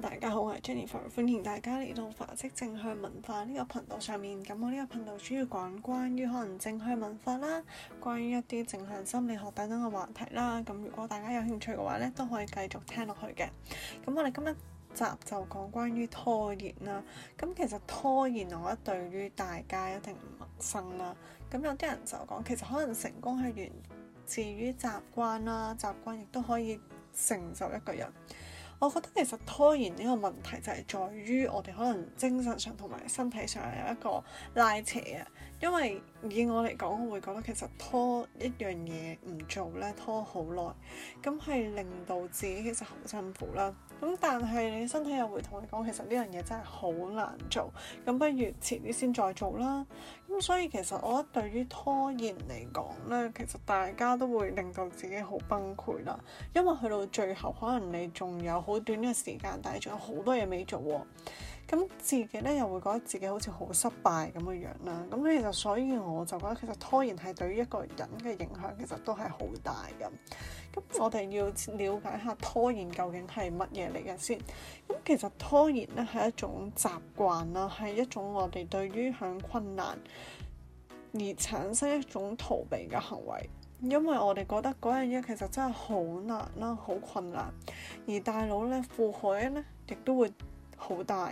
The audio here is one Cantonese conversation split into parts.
大家好，我係 Jennifer，歡迎大家嚟到法式正向文化呢個頻道上面。咁我呢個頻道主要講關於可能正向文化啦，關於一啲正向心理學等等嘅話題啦。咁如果大家有興趣嘅話咧，都可以繼續聽落去嘅。咁我哋今日集就講關於拖延啦。咁其實拖延，我覺得對於大家一定唔陌生啦。咁有啲人就講，其實可能成功係源自於習慣啦，習慣亦都可以成就一個人。我覺得其實拖延呢個問題就係在於我哋可能精神上同埋身體上有一個拉扯啊。因為以我嚟講，我會覺得其實拖一樣嘢唔做咧，拖好耐，咁係令到自己其實好辛苦啦。咁但係你身體又會同你講，其實呢樣嘢真係好難做，咁不如遲啲先再做啦。咁所以其實我覺得對於拖延嚟講咧，其實大家都會令到自己好崩潰啦。因為去到最後，可能你仲有好短嘅時間，但係仲有好多嘢未做喎。咁自己咧又會覺得自己好似好失敗咁嘅樣啦。咁其實所以我就覺得其實拖延係對於一個人嘅影響其實都係好大嘅。咁我哋要了解下拖延究竟係乜嘢嚟嘅先。咁其實拖延咧係一種習慣啦，係一種我哋對於向困難而產生一種逃避嘅行為，因為我哋覺得嗰樣嘢其實真係好難啦，好困難，而大腦咧負荷咧亦都會好大。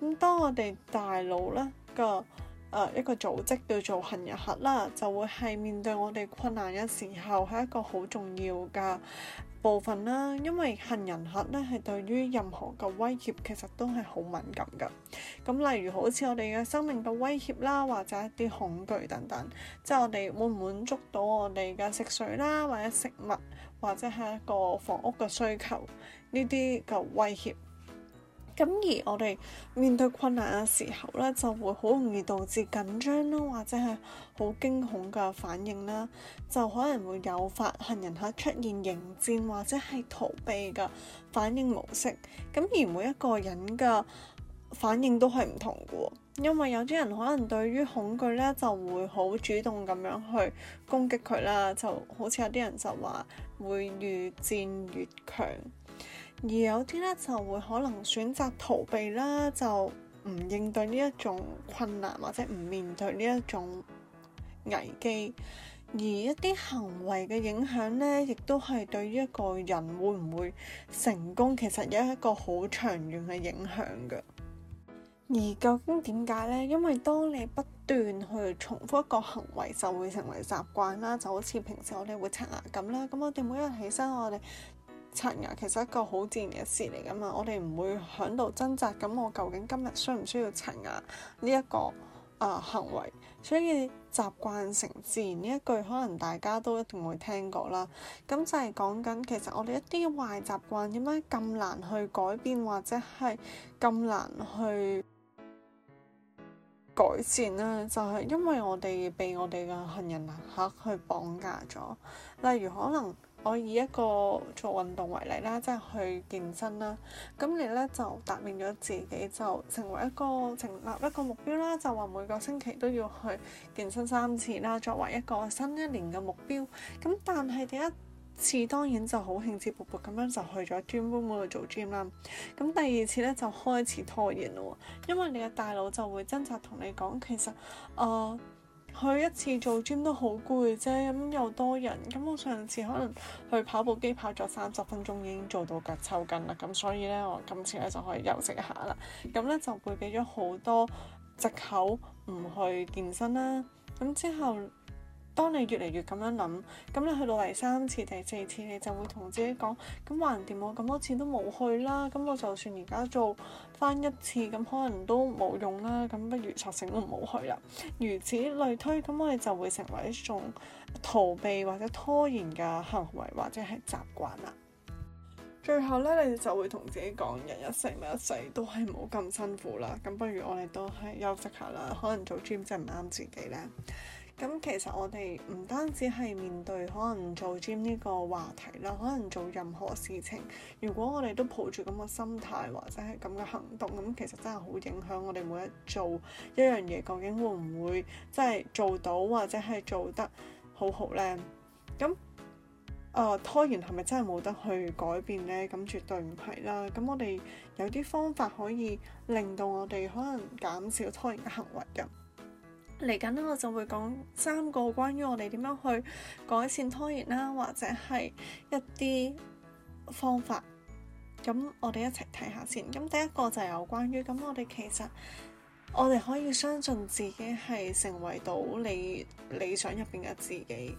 咁當我哋大腦咧個誒，一個組織叫做杏仁核啦，就會係面對我哋困難嘅時候係一個好重要嘅部分啦。因為杏仁核咧係對於任何嘅威脅其實都係好敏感噶。咁例如好似我哋嘅生命嘅威脅啦，或者一啲恐懼等等，即係我哋會唔滿足到我哋嘅食水啦，或者食物，或者係一個房屋嘅需求呢啲嘅威脅。咁而我哋面對困難嘅時候咧，就會好容易導致緊張啦，或者係好驚恐嘅反應啦，就可能會誘發行人客出現迎戰或者係逃避嘅反應模式。咁而每一個人嘅反應都係唔同嘅，因為有啲人可能對於恐懼咧就會好主動咁樣去攻擊佢啦，就好似有啲人就話會越戰越強。而有啲咧就會可能選擇逃避啦，就唔應對呢一種困難或者唔面對呢一種危機。而一啲行為嘅影響咧，亦都係對於一個人會唔會成功，其實有一個好長遠嘅影響嘅。而究竟點解咧？因為當你不斷去重複一個行為，就會成為習慣啦。就好似平時我哋會刷牙咁啦，咁我哋每日起身我哋。刷牙其實一個好自然嘅事嚟噶嘛，我哋唔會響度掙扎。咁我究竟今日需唔需要刷牙呢一個啊、呃、行為？所以習慣成自然呢一句，可能大家都一定會聽過啦。咁就係講緊其實我哋一啲壞習慣點解咁難去改變，或者係咁難去改善呢？就係、是、因為我哋被我哋嘅行人行客去綁架咗。例如可能。我以一個做運動為例啦，即係去健身啦。咁你咧就答應咗自己，就成為一個成立一個目標啦，就話每個星期都要去健身三次啦，作為一個新一年嘅目標。咁但係第一次當然就好興致勃勃咁樣就去咗 gym 喺嗰度做 gym 啦。咁第二次咧就開始拖延咯，因為你嘅大腦就會掙扎同你講，其實，誒、呃。去一次做 gym 都好攰啫，咁又多人，咁我上次可能去跑步機跑咗三十分鐘已經做到腳抽筋啦，咁所以咧我今次咧就可以休息一下啦，咁咧就會俾咗好多藉口唔去健身啦，咁之後。當你越嚟越咁樣諗，咁你去到第三次、第四次，你就會同自己講：咁橫掂我咁多次都冇去啦，咁我就算而家做翻一次，咁可能都冇用啦，咁不如索性都唔好去啦。如此類推，咁我哋就會成為一種逃避或者拖延嘅行為或者係習慣啦。最後咧，你就會同自己講：人一世物一世都係唔好咁辛苦啦，咁不如我哋都係休息下啦，可能做 gym 真係唔啱自己咧。咁其實我哋唔單止係面對可能做 gym 呢個話題啦，可能做任何事情，如果我哋都抱住咁嘅心態或者係咁嘅行動，咁其實真係好影響我哋每一做一樣嘢，究竟會唔會真係做到或者係做得好好呢？咁啊、呃、拖延係咪真係冇得去改變呢？咁絕對唔係啦。咁我哋有啲方法可以令到我哋可能減少拖延嘅行為咁。嚟緊咧，我就會講三個關於我哋點樣去改善拖延啦、啊，或者係一啲方法。咁我哋一齊睇下先。咁第一個就係有關於咁，我哋其實我哋可以相信自己係成為到你理想入邊嘅自己。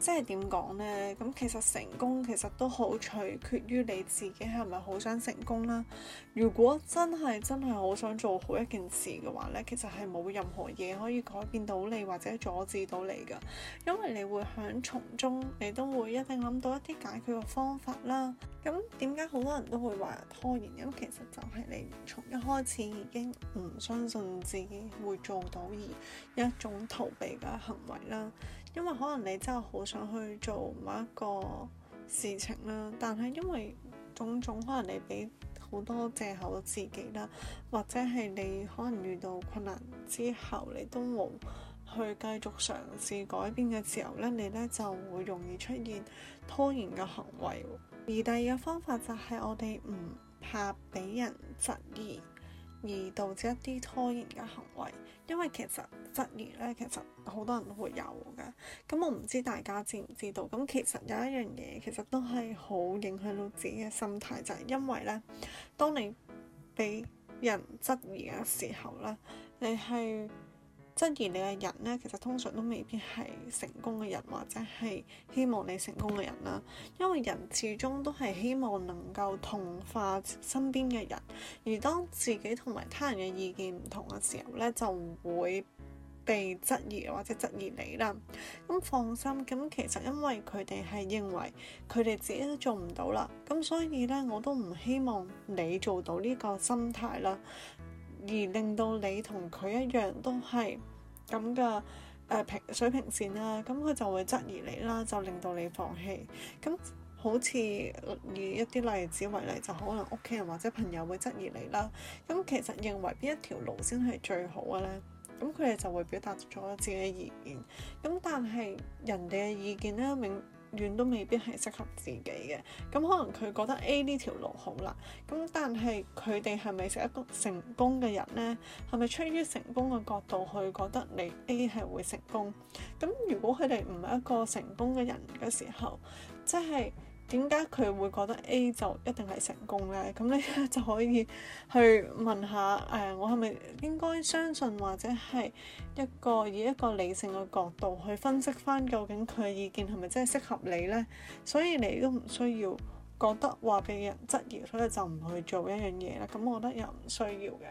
即係點講呢？咁其實成功其實都好取決於你自己係咪好想成功啦。如果真係真係好想做好一件事嘅話呢，其實係冇任何嘢可以改變到你或者阻止到你噶，因為你會響從中，你都會一定諗到一啲解決嘅方法啦。咁點解好多人都會話拖延？咁其實就係你從一開始已經唔相信自己會做到，而一種逃避嘅行為啦。因為可能你真係好想去做某一個事情啦，但係因為種種可能你俾好多借口自己啦，或者係你可能遇到困難之後，你都冇去繼續嘗試改變嘅時候咧，你咧就會容易出現拖延嘅行為。而第二個方法就係我哋唔怕俾人質疑。而導致一啲拖延嘅行為，因為其實質疑咧，其實好多人都會有㗎。咁我唔知大家知唔知道？咁其實有一樣嘢，其實都係好影響到自己嘅心態，就係因為咧，當你俾人質疑嘅時候咧，你係。質疑你嘅人呢，其實通常都未必係成功嘅人，或者係希望你成功嘅人啦。因為人始終都係希望能夠同化身邊嘅人，而當自己同埋他人嘅意見唔同嘅時候呢，就唔會被質疑或者質疑你啦。咁放心，咁其實因為佢哋係認為佢哋自己都做唔到啦，咁所以呢，我都唔希望你做到呢個心態啦，而令到你同佢一樣都係。咁嘅誒平水平線啦，咁佢就會質疑你啦，就令到你放棄。咁好似以一啲例子為例，就可能屋企人或者朋友會質疑你啦。咁其實認為邊一條路先係最好嘅咧？咁佢哋就會表達咗自己嘅意見。咁但係人哋嘅意見咧，永遠都未必係適合自己嘅，咁可能佢覺得 A 呢條路好啦，咁但係佢哋係咪成一個成功嘅人呢？係咪出於成功嘅角度去覺得你 A 係會成功？咁如果佢哋唔係一個成功嘅人嘅時候，即係。點解佢會覺得 A 就一定係成功呢？咁你就可以去問下誒、呃，我係咪應該相信或者係一個以一個理性嘅角度去分析返究竟佢嘅意見係咪真係適合你呢？所以你都唔需要覺得話被人質疑，所以就唔去做一樣嘢啦。咁我覺得又唔需要嘅。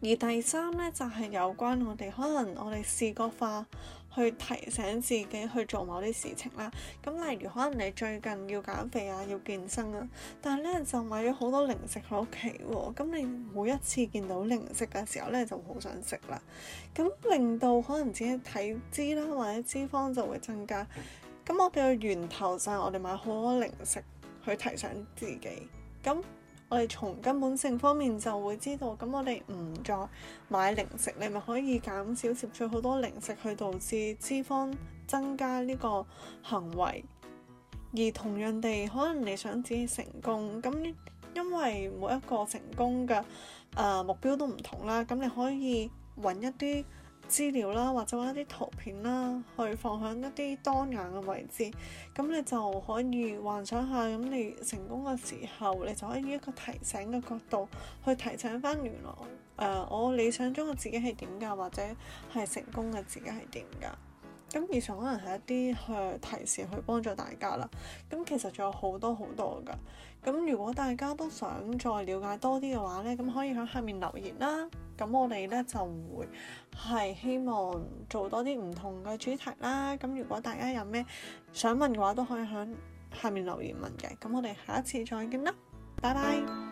而第三呢，就係、是、有關我哋可能我哋視覺化。去提醒自己去做某啲事情啦，咁例如可能你最近要減肥啊，要健身啊，但係咧就買咗好多零食喺屋企喎，咁你每一次見到零食嘅時候咧就好想食啦，咁令到可能自己體脂啦或者脂肪就會增加，咁我哋嘅源頭就係我哋買好多零食去提醒自己，咁。我哋從根本性方面就會知道，咁我哋唔再買零食，你咪可以減少攝取好多零食，去導致脂肪增加呢個行為。而同樣地，可能你想自己成功，咁因為每一個成功嘅、呃、目標都唔同啦，咁你可以搵一啲。資料啦，或者一啲圖片啦，去放喺一啲當眼嘅位置，咁你就可以幻想下，咁你成功嘅時候，你就可以以一個提醒嘅角度去提醒翻原來，誒、呃，我理想中嘅自己係點㗎，或者係成功嘅自己係點㗎，咁以上可能係一啲去提示去幫助大家啦，咁其實仲有好多好多㗎，咁如果大家都想再了解多啲嘅話咧，咁可以喺下面留言啦。咁我哋呢就會係希望做多啲唔同嘅主題啦。咁如果大家有咩想問嘅話，都可以喺下面留言問嘅。咁我哋下一次再見啦，拜拜。